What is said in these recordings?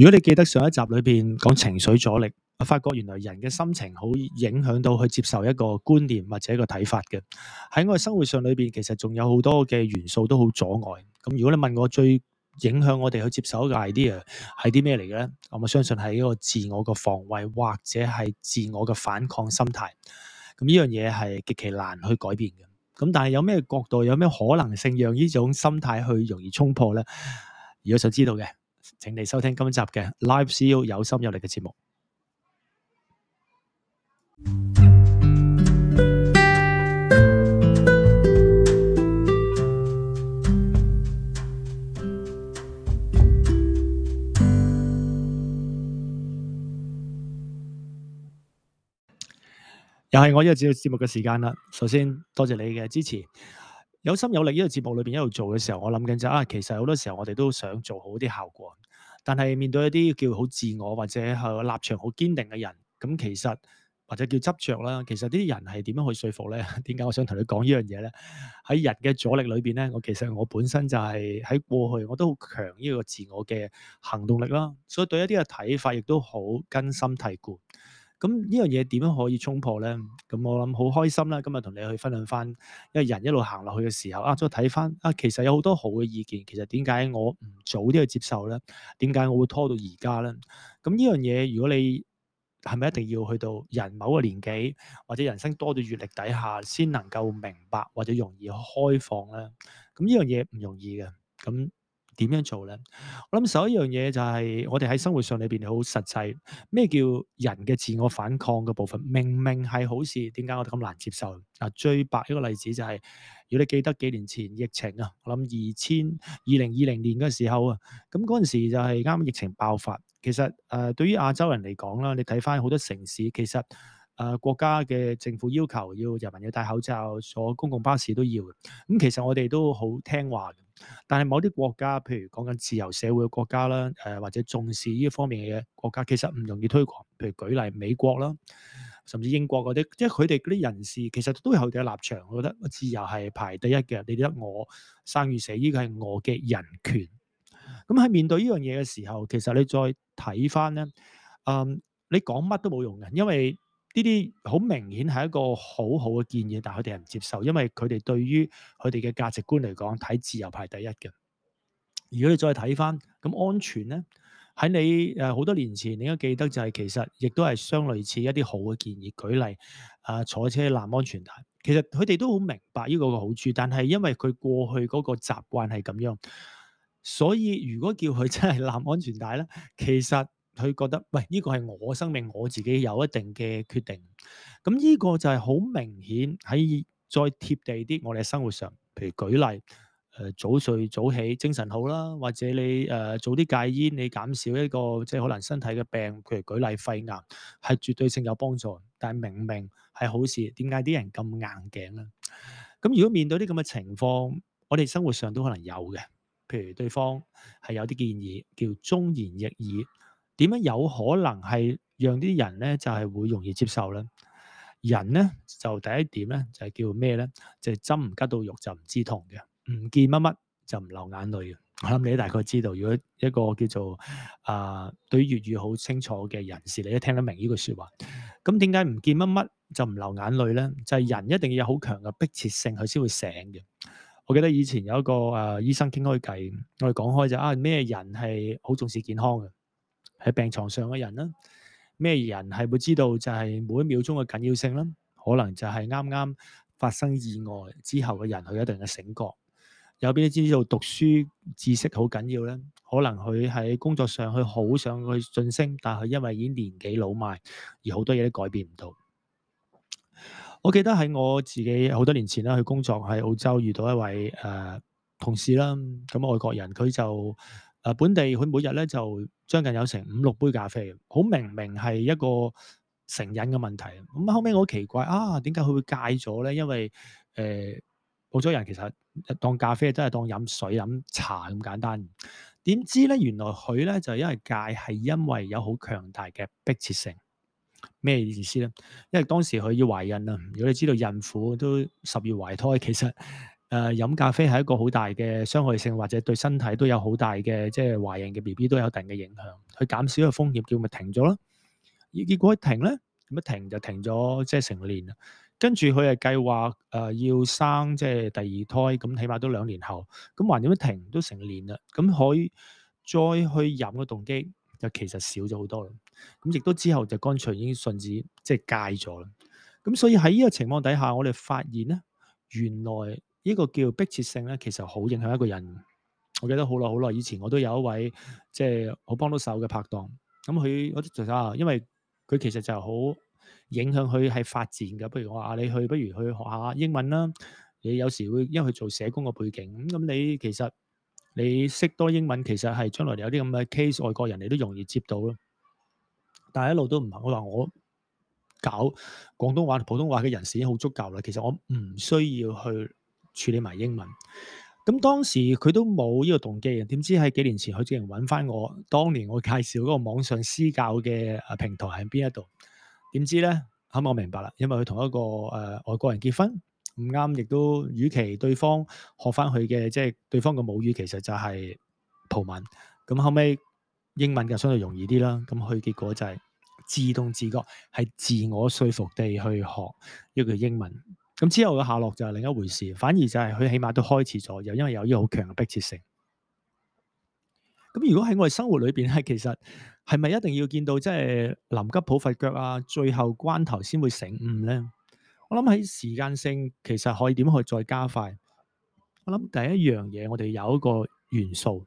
如果你記得上一集裏面講情緒阻力，我發覺原來人嘅心情好影響到去接受一個觀念或者一個睇法嘅。喺我生活上裏面，其實仲有好多嘅元素都好阻礙。如果你問我最影響我哋去接受一個 idea 係啲咩嚟嘅呢？我咪相信係一個自我嘅防衛或者係自我嘅反抗心態。咁呢樣嘢係極其難去改變嘅。但係有咩角度有咩可能性讓呢種心態去容易衝破呢？如果想知道嘅。請你收聽今集嘅 Life CEO 有心有力嘅節目。又係我呢個節目嘅時間啦，首先多謝你嘅支持。有心有力呢個節目裏邊一路做嘅時候，我諗緊就啊，其實好多時候我哋都想做好啲效果，但係面對一啲叫好自我或者係立場好堅定嘅人，咁其實或者叫執着啦，其實呢啲人係點樣去說服呢？點解我想同你講呢樣嘢呢？喺人嘅阻力裏邊呢，我其實我本身就係喺過去我都好強呢個自我嘅行動力啦，所以對一啲嘅睇法亦都好根深蒂固。咁呢樣嘢點樣可以衝破呢？咁我諗好開心啦！今日同你去分享翻，因為人一路行落去嘅時候啊，再睇翻啊，其實有好多好嘅意見。其實點解我唔早啲去接受呢？點解我會拖到而家呢？咁呢樣嘢，如果你係咪一定要去到人某個年紀或者人生多咗閲歷底下，先能夠明白或者容易開放呢？咁呢樣嘢唔容易嘅，咁、嗯。點樣做咧？我諗首一樣嘢就係我哋喺生活上裏邊好實際，咩叫人嘅自我反抗嘅部分？明明係好事，點解我哋咁難接受？啊，最白一個例子就係，如果你記得幾年前疫情啊，我諗二千二零二零年嗰時候啊，咁嗰陣時就係啱疫情爆發，其實誒對於亞洲人嚟講啦，你睇翻好多城市其實。誒、呃、國家嘅政府要求要人民要戴口罩，坐公共巴士都要嘅。咁、嗯、其實我哋都好聽話嘅，但係某啲國家，譬如講緊自由社會嘅國家啦，誒、呃、或者重視呢方面嘅嘢國家，其實唔容易推廣。譬如舉例美國啦，甚至英國嗰啲，即係佢哋嗰啲人士其實都有佢哋嘅立場，我覺得自由係排第一嘅。你得我生與死呢、這個係我嘅人權。咁、嗯、喺面對呢樣嘢嘅時候，其實你再睇翻咧，嗯，你講乜都冇用嘅，因為呢啲好明顯係一個好好嘅建議，但係佢哋係唔接受，因為佢哋對於佢哋嘅價值觀嚟講，睇自由排第一嘅。如果你再睇翻咁安全呢，喺你誒好、呃、多年前，你應該記得就係、是、其實亦都係相類似一啲好嘅建議。舉例誒、呃，坐車攬安全帶，其實佢哋都好明白呢個嘅好處，但係因為佢過去嗰個習慣係咁樣，所以如果叫佢真係攬安全帶呢，其實。佢覺得喂，呢個係我生命，我自己有一定嘅決定，咁呢個就係好明顯。喺再貼地啲我哋生活上，譬如舉例，誒早睡早起精神好啦，或者你誒早啲戒煙，你減少一個即係可能身體嘅病，譬如舉例肺癌係絕對性有幫助，但係明明係好事？點解啲人咁硬頸呀？咁如果面對啲咁嘅情況，我哋生活上都可能有嘅，譬如對方係有啲建議叫忠言逆耳。點樣有可能係讓啲人咧？就係、是、會容易接受咧？人咧就第一點咧就係叫咩咧？就針唔吉到肉就唔知痛嘅，唔見乜乜就唔流眼淚嘅。我諗你都大概知道，如果一個叫做啊、呃、對粵語好清楚嘅人士，你都聽得明呢句説話。咁點解唔見乜乜就唔流眼淚咧？就係、是、人一定要有好強嘅迫切性，佢先會醒嘅。我記得以前有一個啊、呃、醫生傾開偈，我哋講開就啊咩人係好重視健康嘅。喺病床上嘅人啦，咩人係會知道就係每一秒鐘嘅緊要性啦？可能就係啱啱發生意外之後嘅人，佢一定嘅醒覺。有邊啲知道讀書知識好緊要咧？可能佢喺工作上，佢好想去晉升，但係因為已經年紀老邁，而好多嘢都改變唔到。我記得喺我自己好多年前啦，去工作喺澳洲遇到一位誒、呃、同事啦，咁外國人佢就。誒本地佢每日咧就將近有成五六杯咖啡，好明明係一個成癮嘅問題。咁後尾我好奇怪啊，點解佢會戒咗咧？因為誒澳洲人其實當咖啡真係當飲水飲茶咁簡單。點知咧，原來佢咧就因為戒係因為有好強大嘅迫切性。咩意思咧？因為當時佢要懷孕呀。如果你知道孕婦都十月懷胎，其實～誒、呃、飲咖啡係一個好大嘅傷害性，或者對身體都有好大嘅，即係懷孕嘅 B B 都有一定嘅影響。佢減少嘅風險，叫咪停咗咯。而結果一停咧，咁一停就停咗，即係成年啦。跟住佢係計劃誒要生即係第二胎，咁起碼都兩年後。咁橫掂一停了都成年啦，咁可以再去飲嘅動機就其實就少咗好多啦。咁亦都之後就乾脆已經順子即係戒咗啦。咁所以喺呢個情況底下，我哋發現咧，原來。呢個叫迫切性咧，其實好影響一個人。我記得好耐好耐以前，我都有一位即係好幫到手嘅拍檔。咁佢嗰啲啊，因為佢其實就好影響佢係發展嘅。不如我話你去，不如去學下英文啦。你有時會因為佢做社工嘅背景咁，你其實你識多英文，其實係將來有啲咁嘅 case 外國人，你都容易接到咯。但係一路都唔係，我話我搞廣東話同普通話嘅人士已經好足夠啦。其實我唔需要去處理埋英文，咁當時佢都冇呢個動機啊！點知喺幾年前佢竟然揾翻我，當年我介紹嗰個網上私教嘅啊平台喺邊一度？點知咧，後尾我明白啦，因為佢同一個誒、呃、外國人結婚唔啱，亦都與其對方學翻佢嘅，即係對方嘅母語其實就係葡文，咁後尾英文就相對容易啲啦。咁佢結果就係自動自覺，係自我説服地去學呢個英文。咁之後嘅下落就係另一回事，反而就係佢起碼都開始咗，又因為有呢好強嘅迫切性。咁如果喺我哋生活裏面，咧，其實係咪一定要見到即係臨急抱佛腳啊？最後關頭先會醒悟呢？我諗喺時間性其實可以點去再加快？我諗第一樣嘢，我哋有一個元素，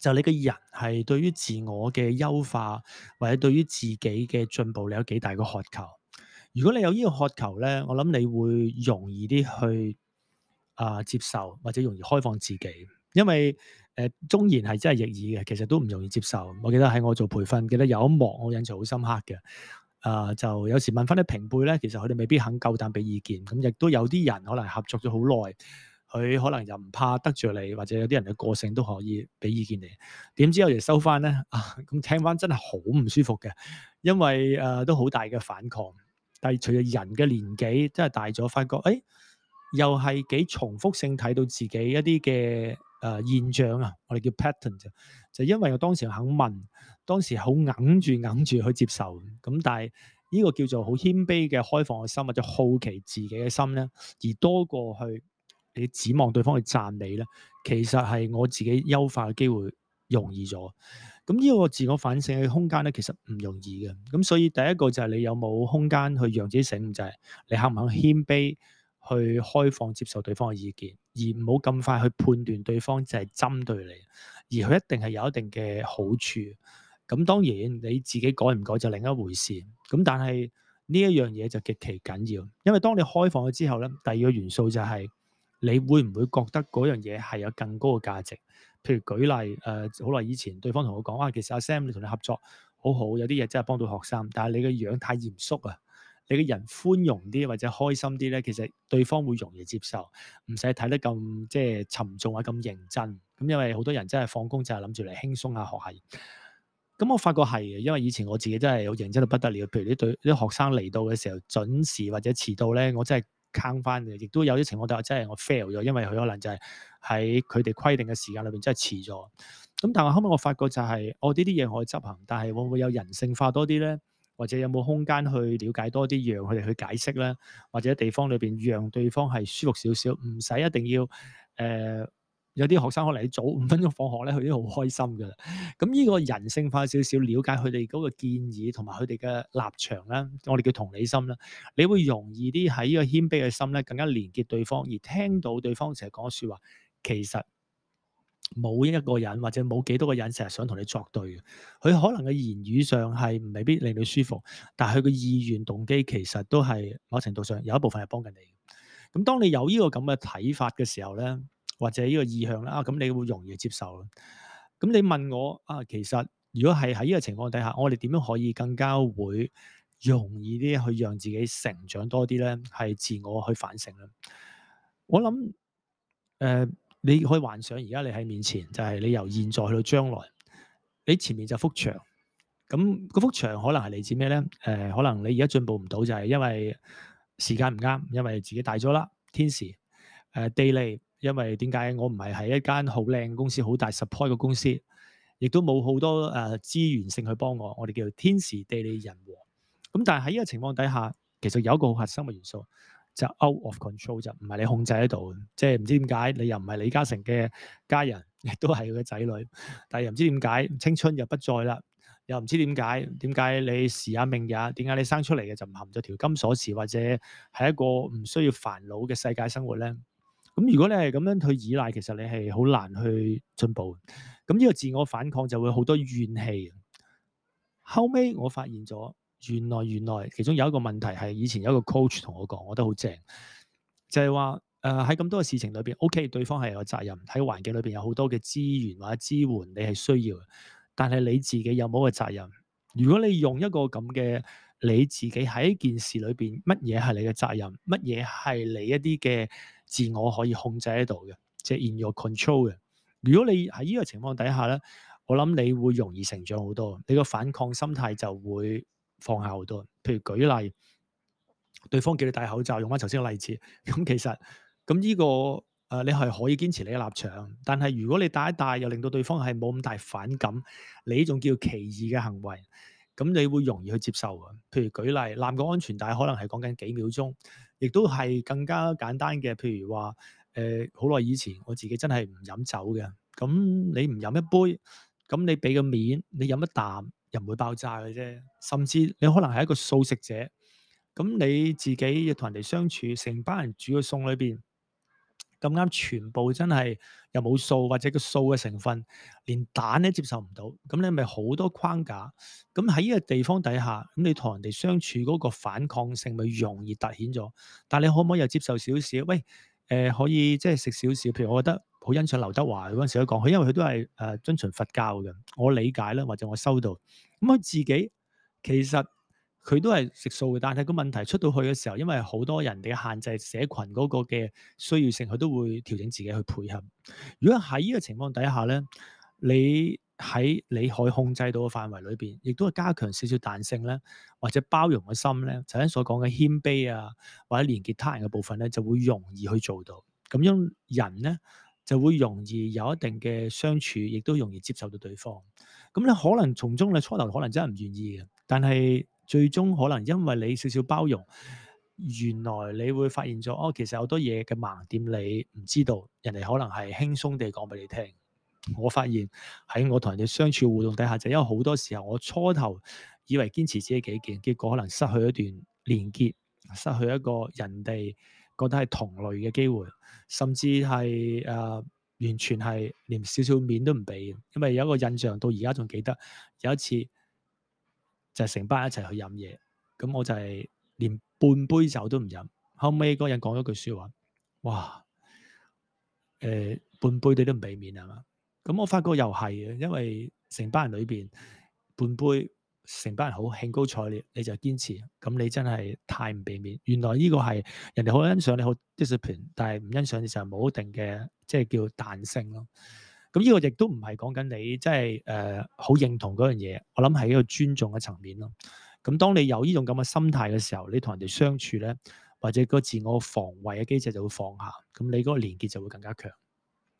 就你個人係對於自我嘅優化或者對於自己嘅進步，你有幾大個渴求？如果你有呢個渴求咧，我諗你會容易啲去啊、呃、接受，或者容易開放自己，因為誒忠言係真係逆耳嘅，其實都唔容易接受。我記得喺我做培訓，記得有一幕我印象好深刻嘅，啊、呃、就有時問翻啲平輩咧，其實佢哋未必肯夠膽俾意見，咁亦都有啲人可能合作咗好耐，佢可能又唔怕得罪你，或者有啲人嘅個性都可以俾意見你。點知後嚟收翻咧啊，咁聽翻真係好唔舒服嘅，因為、呃、都好大嘅反抗。但係隨著人嘅年紀真係大咗，發覺誒、哎、又係幾重複性睇到自己一啲嘅誒現象啊！我哋叫 pattern 啫，就因為我當時肯問，當時好揞住揞住去接受。咁但係呢個叫做好謙卑嘅開放嘅心，或者好奇自己嘅心咧，而多過去你指望對方去讚你咧，其實係我自己優化嘅機會容易咗。咁、這、呢個自我反省嘅空間咧，其實唔容易嘅。咁所以第一個就係你有冇空間去讓自己醒悟，就係、是、你肯唔肯謙卑去開放接受對方嘅意見，而唔好咁快去判斷對方就係針對你。而佢一定係有一定嘅好處。咁當然你自己改唔改就另一回事。咁但係呢一樣嘢就極其緊要，因為當你開放咗之後咧，第二個元素就係你會唔會覺得嗰樣嘢係有更高嘅價值。譬如舉例，誒好耐以前，對方同我講，哇、啊，其實阿 Sam 你同你合作好好，有啲嘢真係幫到學生。但係你嘅樣太嚴肅啊，你嘅人寬容啲或者開心啲咧，其實對方會容易接受，唔使睇得咁即係沉重啊，咁認真。咁因為好多人真係放工就係諗住嚟輕鬆下學係。咁我發覺係嘅，因為以前我自己真係好認真到不得了。譬如啲對啲學生嚟到嘅時候準時或者遲到咧，我真係坑翻嘅，亦都有啲情況就係真係我 fail 咗，因為佢可能就係喺佢哋規定嘅時間裏面，真係遲咗。咁但係後屘我發覺就係、是，我呢啲嘢可以執行，但係會唔會有人性化多啲咧？或者有冇空間去了解多啲，讓佢哋去解釋咧？或者地方裏面讓對方係舒服少少，唔使一定要誒。呃有啲學生可能你早五分鐘放學咧，佢都好開心噶喇。咁、這、呢個人性化少少，了解佢哋嗰個建議同埋佢哋嘅立場啦，我哋叫同理心啦。你會容易啲喺呢個謙卑嘅心咧，更加連結對方，而聽到對方成日講説話，其實冇一個人或者冇幾多個人成日想同你作對嘅。佢可能嘅言語上係未必令你舒服，但係佢嘅意願動機其實都係某程度上有一部分係幫緊你。咁當你有呢個咁嘅睇法嘅時候咧。或者呢個意向啦，咁、啊、你會容易接受咯。咁你問我啊，其實如果係喺呢個情況底下，我哋點樣可以更加會容易啲去讓自己成長多啲咧？係自我去反省啦。我諗誒、呃，你可以幻想而家你喺面前，就係、是、你由現在去到將來，你前面就幅牆。咁嗰幅牆可能係嚟自咩咧？誒、呃，可能你而家進步唔到，就係、是、因為時間唔啱，因為自己大咗啦，天時誒、呃、地利。因為點解我唔係係一間好靚公司、好大的 support 嘅公司，亦都冇好多誒資、呃、源性去幫我。我哋叫做天時地利人和。咁、嗯、但係喺呢個情況底下，其實有一個好核心嘅元素，就係 out of control 就唔係你控制喺度，即係唔知點解你又唔係李嘉誠嘅家人，亦都係佢嘅仔女，但係又唔知點解青春又不再啦，又唔知點解點解你時也命也，點解你生出嚟嘅就唔含咗條金鎖匙，或者係一個唔需要煩惱嘅世界生活咧？咁如果你係咁樣去依賴，其實你係好難去進步的。咁、這、呢個自我反抗就會好多怨氣。後尾我發現咗，原來原來其中有一個問題係以前有一個 coach 同我講，我覺得好正，就係話誒喺咁多嘅事情裏邊，OK，對方係有責任，喺環境裏邊有好多嘅資源或者支援你係需要，但係你自己有冇個責任？如果你用一個咁嘅你自己喺一件事裏邊，乜嘢係你嘅責任？乜嘢係你一啲嘅？自我可以控制得到嘅，即係 in your control 嘅。如果你喺呢個情況底下咧，我諗你會容易成長好多，你個反抗心態就會放下好多。譬如舉例，對方叫你戴口罩，用翻頭先嘅例子，咁其實，咁呢個誒，你係可以堅持你嘅立場，但係如果你戴一戴又令到對方係冇咁大反感，你呢種叫奇異嘅行為，咁你會容易去接受。譬如舉例，攬個安全帶可能係講緊幾秒鐘。亦都係更加簡單嘅，譬如話，呃，好耐以前我自己真係唔飲酒嘅，咁你唔飲一杯，咁你俾個面，你飲一啖又唔會爆炸嘅啫。甚至你可能係一個素食者，咁你自己同人哋相處，成班人煮嘅餸裏面，咁啱全部真係又冇素或者個素嘅成分，連蛋都接受唔到，咁你咪好多框架。咁喺呢個地方底下，咁你同人哋相處嗰個反抗性咪容易凸顯咗。但係你可唔可以又接受少少？喂，呃、可以即係食少少。譬如我覺得好欣賞劉德華嗰陣時都講，佢因為佢都係誒遵循佛教嘅，我理解啦，或者我收到咁佢自己其實。佢都係食素嘅，但係個問題出到去嘅時候，因為好多人哋嘅限制社群嗰個嘅需要性，佢都會調整自己去配合。如果喺呢個情況底下咧，你喺你可以控制到嘅範圍裏面，亦都係加強少少彈性咧，或者包容嘅心咧，就係頭先所講嘅謙卑啊，或者連結他人嘅部分咧，就會容易去做到。咁樣人咧就會容易有一定嘅相處，亦都容易接受到對方。咁咧可能從中嘅初頭可能真係唔願意嘅，但係，最終可能因為你少少包容，原來你會發現咗哦，其實好多嘢嘅盲點你唔知道，人哋可能係輕鬆地講俾你聽。我發現喺我同人哋相處互動底下，就因為好多時候我初頭以為堅持自己己見，結果可能失去一段連結，失去一個人哋覺得係同類嘅機會，甚至係、呃、完全係連少少面都唔俾，因為有一個印象到而家仲記得有一次。就係成班人一齊去飲嘢，咁我就係連半杯酒都唔飲。後尾嗰人講咗句説話，哇、呃，半杯你都唔俾面啊嘛。咁我發覺又係嘅，因為成班人裏面，半杯，成班人好興高采烈，你就堅持。咁你真係太唔俾面。原來呢個係人哋好欣賞你好 discipline，但係唔欣賞你就冇一定嘅即係叫彈性咯。咁、這、呢個亦都唔係講緊你，即係好認同嗰樣嘢，我諗係一個尊重嘅層面咯。咁當你有呢種咁嘅心態嘅時候，你同人哋相處咧，或者個自我防衛嘅機制就會放下，咁你嗰個連結就會更加強。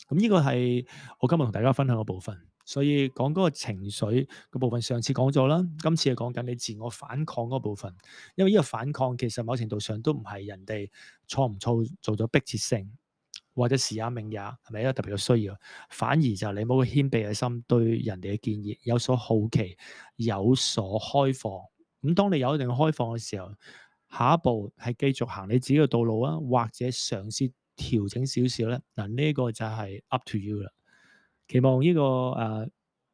咁、這、呢個係我今日同大家分享嘅部分。所以講嗰個情緒嗰部分，上次講咗啦，今次係講緊你自我反抗嗰部分。因為呢個反抗其實某程度上都唔係人哋錯唔錯，做咗逼切性。或者時也命也，係咪有特別嘅需要？反而就係你冇個謙卑嘅心，對人哋嘅建議有所好奇，有所開放。咁當你有一定開放嘅時候，下一步係繼續行你自己嘅道路啊，或者嘗試調整少少咧。嗱，呢一個就係 up to you 啦。期望呢、這個誒，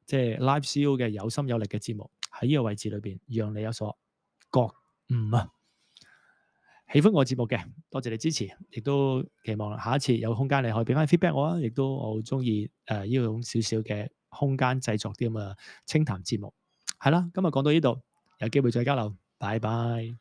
即、呃、係、就是、Life CEO 嘅有心有力嘅節目，喺呢個位置裏邊，讓你有所覺悟啊！喜歡我節目嘅，多謝你支持，亦都期望下一次有空間你可以俾翻 feedback 我啊，亦都我好中意誒，呢、呃、種少少嘅空間製作啲咁嘅清談節目，係啦，今日講到呢度，有機會再交流，拜拜。